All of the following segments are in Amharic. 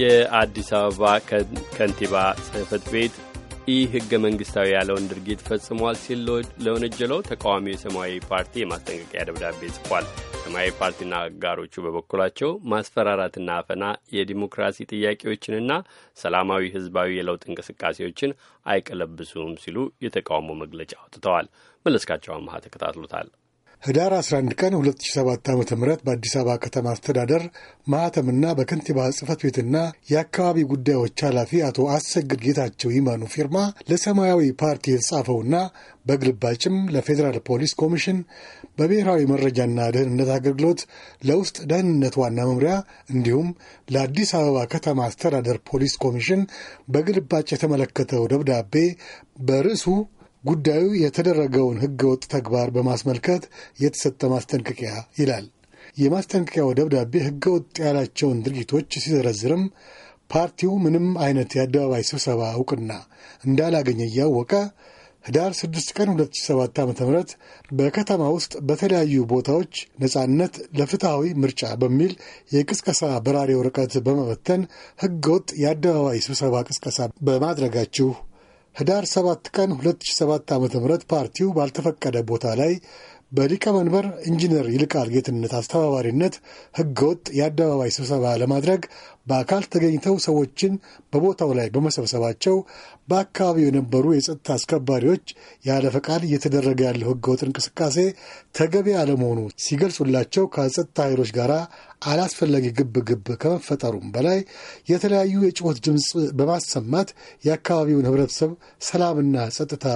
የአዲስ አበባ ከንቲባ ጽህፈት ቤት ይህ ህገ መንግስታዊ ያለውን ድርጊት ፈጽሟል ሲል ለወነጀለው ተቃዋሚው የሰማያዊ ፓርቲ የማስጠንቀቂያ ደብዳቤ ጽፏል። ሰማያዊ ፓርቲና አጋሮቹ በበኩላቸው ማስፈራራትና አፈና የዲሞክራሲ ጥያቄዎችንና ሰላማዊ ህዝባዊ የለውጥ እንቅስቃሴዎችን አይቀለብሱም ሲሉ የተቃውሞ መግለጫ አውጥተዋል። መለስካቸው አመሃ ተከታትሎታል። ህዳር 11 ቀን 2007 ዓ ም በአዲስ አበባ ከተማ አስተዳደር ማኅተምና በከንቲባ ጽፈት ቤትና የአካባቢ ጉዳዮች ኃላፊ አቶ አሰግድ ጌታቸው ይመኑ ፊርማ ለሰማያዊ ፓርቲ የተጻፈውና በግልባጭም ለፌዴራል ፖሊስ ኮሚሽን በብሔራዊ መረጃና ደህንነት አገልግሎት ለውስጥ ደህንነት ዋና መምሪያ እንዲሁም ለአዲስ አበባ ከተማ አስተዳደር ፖሊስ ኮሚሽን በግልባጭ የተመለከተው ደብዳቤ በርዕሱ ጉዳዩ የተደረገውን ህገወጥ ተግባር በማስመልከት የተሰጠ ማስጠንቀቂያ ይላል። የማስጠንቀቂያው ደብዳቤ ህገወጥ ያላቸውን ድርጊቶች ሲዘረዝርም ፓርቲው ምንም አይነት የአደባባይ ስብሰባ እውቅና እንዳላገኘ እያወቀ ህዳር 6 ቀን 2007 ዓ ም በከተማ ውስጥ በተለያዩ ቦታዎች ነጻነት ለፍትሐዊ ምርጫ በሚል የቅስቀሳ በራሪ ወረቀት በመበተን ህገወጥ የአደባባይ ስብሰባ ቅስቀሳ በማድረጋችሁ ህዳር 7 ቀን 2007 ም ፓርቲው ባልተፈቀደ ቦታ ላይ በሊቀመንበር ኢንጂነር ይልቃል ጌትነት አስተባባሪነት ህገወጥ የአደባባይ ስብሰባ ለማድረግ በአካል ተገኝተው ሰዎችን በቦታው ላይ በመሰብሰባቸው በአካባቢው የነበሩ የጸጥታ አስከባሪዎች ያለ ፈቃድ እየተደረገ ያለው ህገወጥ እንቅስቃሴ ተገቢ አለመሆኑ ሲገልጹላቸው ከጸጥታ ኃይሎች ጋር አላስፈላጊ ግብ ግብ ከመፈጠሩም በላይ የተለያዩ የጭወት ድምፅ በማሰማት የአካባቢውን ህብረተሰብ ሰላምና ጸጥታ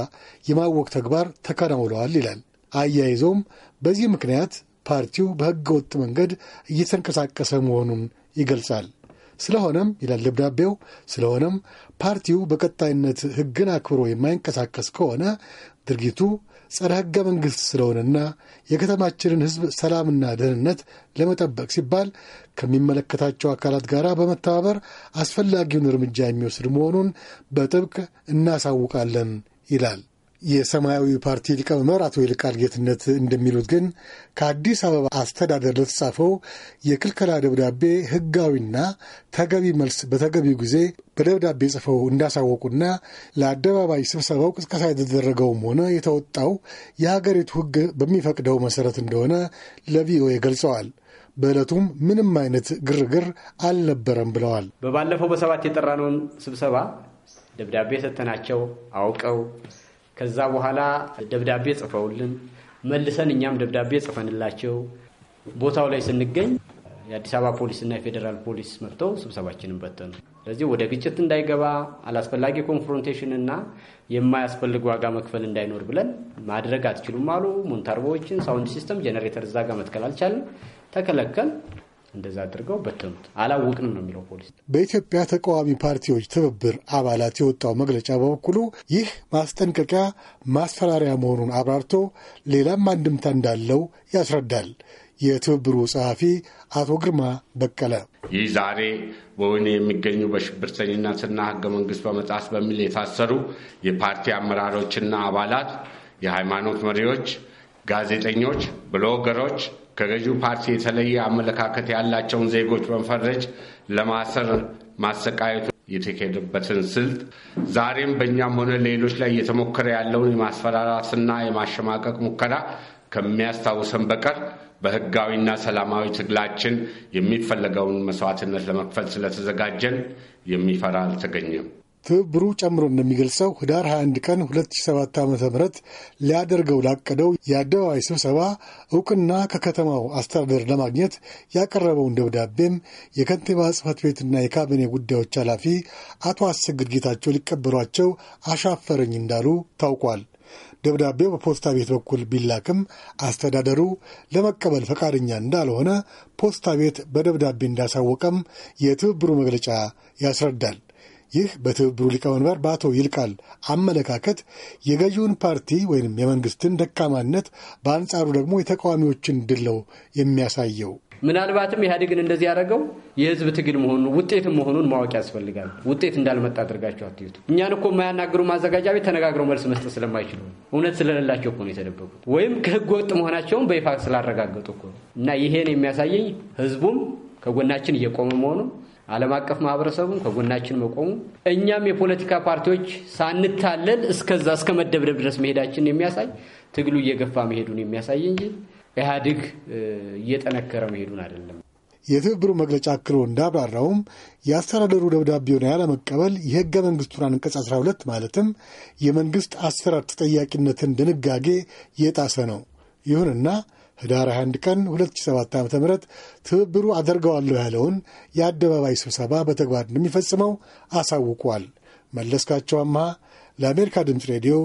የማወቅ ተግባር ተከናውለዋል ይላል። አያይዘውም በዚህ ምክንያት ፓርቲው በሕገ ወጥ መንገድ እየተንቀሳቀሰ መሆኑን ይገልጻል። ስለሆነም ይላል ደብዳቤው፣ ስለሆነም ፓርቲው በቀጣይነት ሕግን አክብሮ የማይንቀሳቀስ ከሆነ ድርጊቱ ጸረ ሕገ መንግሥት ስለሆነና የከተማችንን ሕዝብ ሰላምና ደህንነት ለመጠበቅ ሲባል ከሚመለከታቸው አካላት ጋር በመተባበር አስፈላጊውን እርምጃ የሚወስድ መሆኑን በጥብቅ እናሳውቃለን ይላል። የሰማያዊ ፓርቲ ሊቀመንበር አቶ ይልቃል ጌትነት እንደሚሉት ግን ከአዲስ አበባ አስተዳደር ለተጻፈው የክልከላ ደብዳቤ ሕጋዊና ተገቢ መልስ በተገቢው ጊዜ በደብዳቤ ጽፈው እንዳሳወቁና ለአደባባይ ስብሰባው ቅስቀሳ የተደረገውም ሆነ የተወጣው የሀገሪቱ ሕግ በሚፈቅደው መሰረት እንደሆነ ለቪኦኤ ገልጸዋል። በዕለቱም ምንም አይነት ግርግር አልነበረም ብለዋል። በባለፈው በሰባት የጠራነውን ስብሰባ ደብዳቤ ሰጥተናቸው አውቀው ከዛ በኋላ ደብዳቤ ጽፈውልን መልሰን እኛም ደብዳቤ ጽፈንላቸው ቦታው ላይ ስንገኝ የአዲስ አበባ ፖሊስና የፌዴራል ፖሊስ መጥተው ስብሰባችንን በተኑ። ስለዚህ ወደ ግጭት እንዳይገባ አላስፈላጊ ኮንፍሮንቴሽንና የማያስፈልግ ዋጋ መክፈል እንዳይኖር ብለን ማድረግ አትችሉም አሉ። ሞንታርቦዎችን፣ ሳውንድ ሲስተም፣ ጀነሬተር እዛ መትከል አልቻልም፣ ተከለከል እንደዛ አድርገው በተኑት። አላወቅንም ነው የሚለው ፖሊስ። በኢትዮጵያ ተቃዋሚ ፓርቲዎች ትብብር አባላት የወጣው መግለጫ በበኩሉ ይህ ማስጠንቀቂያ ማስፈራሪያ መሆኑን አብራርቶ ሌላም አንድምታ እንዳለው ያስረዳል። የትብብሩ ጸሐፊ አቶ ግርማ በቀለ ይህ ዛሬ በወህኒ የሚገኙ በሽብርተኝነትና ህገ መንግስት በመጣስ በሚል የታሰሩ የፓርቲ አመራሮችና አባላት፣ የሃይማኖት መሪዎች፣ ጋዜጠኞች፣ ብሎገሮች ከገዢው ፓርቲ የተለየ አመለካከት ያላቸውን ዜጎች በመፈረጅ ለማሰር ማሰቃየቱ የተካሄደበትን ስልት ዛሬም በእኛም ሆነ ሌሎች ላይ እየተሞከረ ያለውን የማስፈራራትና የማሸማቀቅ ሙከራ ከሚያስታውሰን በቀር በሕጋዊና ሰላማዊ ትግላችን የሚፈለገውን መስዋዕትነት ለመክፈል ስለተዘጋጀን የሚፈራ አልተገኘም። ትብብሩ ጨምሮ እንደሚገልጸው ህዳር 21 ቀን 2007 ዓ ም ሊያደርገው ላቀደው የአደባባይ ስብሰባ እውቅና ከከተማው አስተዳደር ለማግኘት ያቀረበውን ደብዳቤም የከንቲባ ጽህፈት ቤትና የካቢኔ ጉዳዮች ኃላፊ አቶ አሰግድ ጌታቸው ሊቀበሏቸው አሻፈረኝ እንዳሉ ታውቋል። ደብዳቤው በፖስታ ቤት በኩል ቢላክም አስተዳደሩ ለመቀበል ፈቃደኛ እንዳልሆነ ፖስታ ቤት በደብዳቤ እንዳሳወቀም የትብብሩ መግለጫ ያስረዳል። ይህ በትብብሩ ሊቀመንበር በአቶ ይልቃል አመለካከት የገዢውን ፓርቲ ወይም የመንግስትን ደካማነት፣ በአንጻሩ ደግሞ የተቃዋሚዎችን ድለው የሚያሳየው። ምናልባትም ኢህአዴግን እንደዚህ ያደረገው የህዝብ ትግል መሆኑ ውጤት መሆኑን ማወቅ ያስፈልጋል። ውጤት እንዳልመጣ አድርጋቸው አትዩት። እኛን እኮ የማያናግሩ ማዘጋጃ ቤት ተነጋግረው መልስ መስጠት ስለማይችሉ እውነት ስለሌላቸው እኮ ነው የተደበቁት፣ ወይም ከህገ ወጥ መሆናቸውን በይፋ ስላረጋገጡ እኮ እና ይሄን የሚያሳየኝ ህዝቡም ከጎናችን እየቆመ መሆኑን ዓለም አቀፍ ማህበረሰቡን ከጎናችን መቆሙ እኛም የፖለቲካ ፓርቲዎች ሳንታለል እስከዛ እስከ መደብደብ ድረስ መሄዳችን የሚያሳይ ትግሉ እየገፋ መሄዱን የሚያሳይ እንጂ ኢህአዴግ እየጠነከረ መሄዱን አይደለም። የትብብሩ መግለጫ አክሎ እንዳብራራውም የአስተዳደሩ ደብዳቤውን ያለመቀበል የህገ መንግስቱን አንቀጽ 12 ማለትም የመንግስት አሰራር ተጠያቂነትን ድንጋጌ የጣሰ ነው። ይሁንና ህዳር 21 ቀን 2007 ዓ ም ትብብሩ አደርገዋለሁ ያለውን የአደባባይ ስብሰባ በተግባር እንደሚፈጽመው አሳውቋል። መለስካቸው አምሃ ለአሜሪካ ድምፅ ሬዲዮ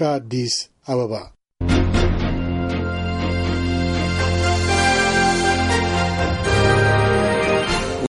ከአዲስ አበባ